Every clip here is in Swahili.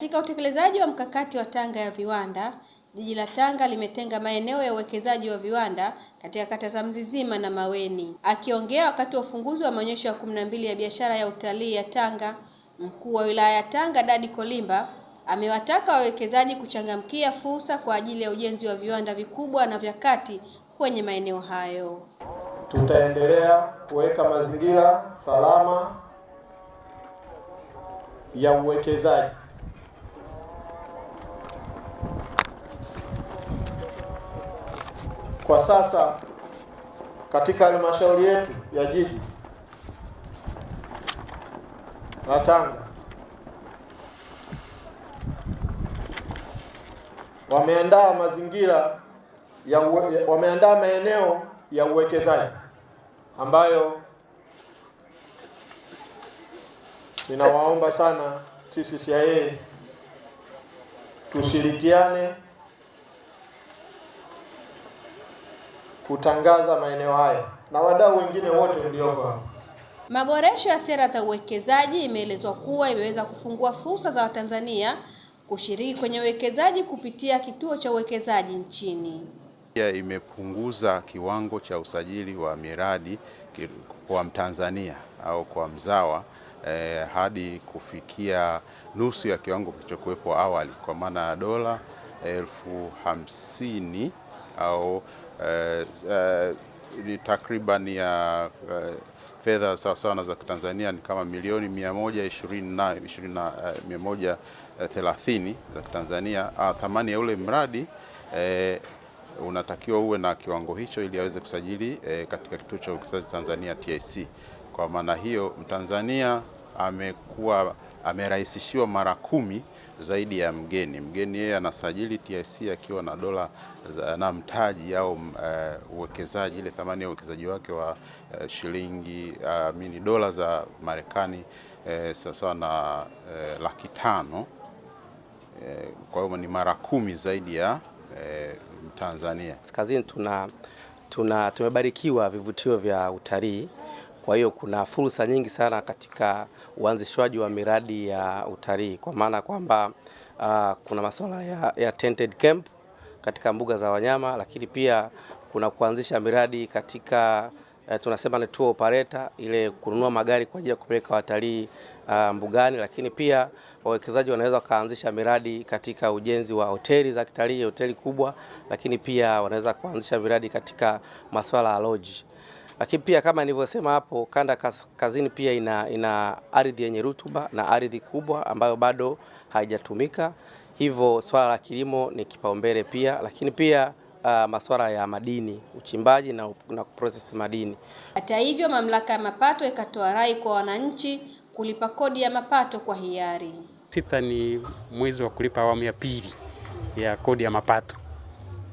Katika utekelezaji wa mkakati wa Tanga ya viwanda, jiji la Tanga limetenga maeneo ya uwekezaji wa viwanda katika kata za Mzizima na Maweni. Akiongea wakati wa ufunguzi wa maonyesho ya kumi na mbili ya biashara ya utalii ya Tanga, mkuu wa wilaya ya Tanga Dadi Kolimba amewataka wawekezaji kuchangamkia fursa kwa ajili ya ujenzi wa viwanda vikubwa na vya kati kwenye maeneo hayo. Tutaendelea kuweka mazingira salama ya uwekezaji Kwa sasa katika halmashauri yetu ya jiji la Tanga wameandaa mazingira ya uwe, wameandaa maeneo ya uwekezaji ambayo ninawaomba sana TCCIA tushirikiane kutangaza maeneo haya na wadau wengine wote mlioko Maboresho ya sera za uwekezaji imeelezwa kuwa imeweza kufungua fursa za Watanzania kushiriki kwenye uwekezaji kupitia kituo cha uwekezaji nchini. Pia imepunguza kiwango cha usajili wa miradi kwa Mtanzania au kwa mzawa eh, hadi kufikia nusu ya kiwango kilichokuwepo awali kwa maana ya dola elfu hamsini au eh, eh, ni takriban ya eh, fedha sawasawa na za Tanzania ni kama milioni 120 130 eh, eh, za Tanzania. Ah, thamani ya ule mradi eh, unatakiwa uwe na kiwango hicho ili aweze kusajili eh, katika kituo cha uwekezaji Tanzania TIC. Kwa maana hiyo Mtanzania amekuwa amerahisishiwa mara kumi zaidi ya mgeni. Mgeni yeye anasajili TIC akiwa na dola na mtaji au eh, uwekezaji uh, ile thamani ya uwekezaji wake wa uh, shilingi uh, mini dola za Marekani uh, sawasawa na uh, laki tano uh, kwa hiyo ni mara kumi zaidi ya uh, Tanzania. Kaskazini tuna, tuna tumebarikiwa vivutio vya utalii kwa hiyo kuna fursa nyingi sana katika uanzishwaji wa miradi ya utalii kwa maana kwamba uh, kuna masuala ya, ya tented camp katika mbuga za wanyama, lakini pia kuna kuanzisha miradi katika uh, tunasema ni tour operator, ile kununua magari kwa ajili ya kupeleka watalii uh, mbugani, lakini pia wawekezaji wanaweza kuanzisha miradi katika ujenzi wa hoteli za kitalii, hoteli kubwa, lakini pia wanaweza kuanzisha miradi katika masuala ya lodge. Lakini pia kama nilivyosema hapo, kanda kaskazini pia ina, ina ardhi yenye rutuba na ardhi kubwa ambayo bado haijatumika, hivyo swala la kilimo ni kipaumbele pia, lakini pia Uh, ah, masuala ya madini, uchimbaji na, na kuprocess madini. Hata hivyo, mamlaka ya mapato ikatoa rai kwa wananchi kulipa kodi ya mapato kwa hiari. Sita ni mwezi wa kulipa awamu ya pili ya kodi ya mapato.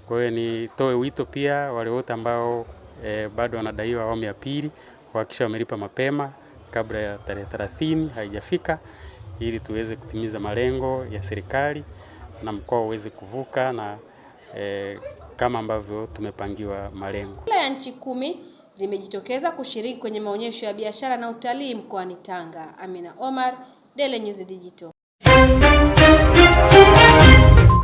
Kwa hiyo nitoe wito pia wale wote ambao e, bado wanadaiwa awamu ya pili, kuhakikisha wamelipa mapema kabla ya tarehe 30 haijafika, ili tuweze kutimiza malengo ya serikali na mkoa uweze kuvuka na e, kama ambavyo tumepangiwa malengo. Kila ya nchi kumi zimejitokeza kushiriki kwenye maonyesho ya biashara na utalii mkoani Tanga. Amina Omar, Daily News Digital.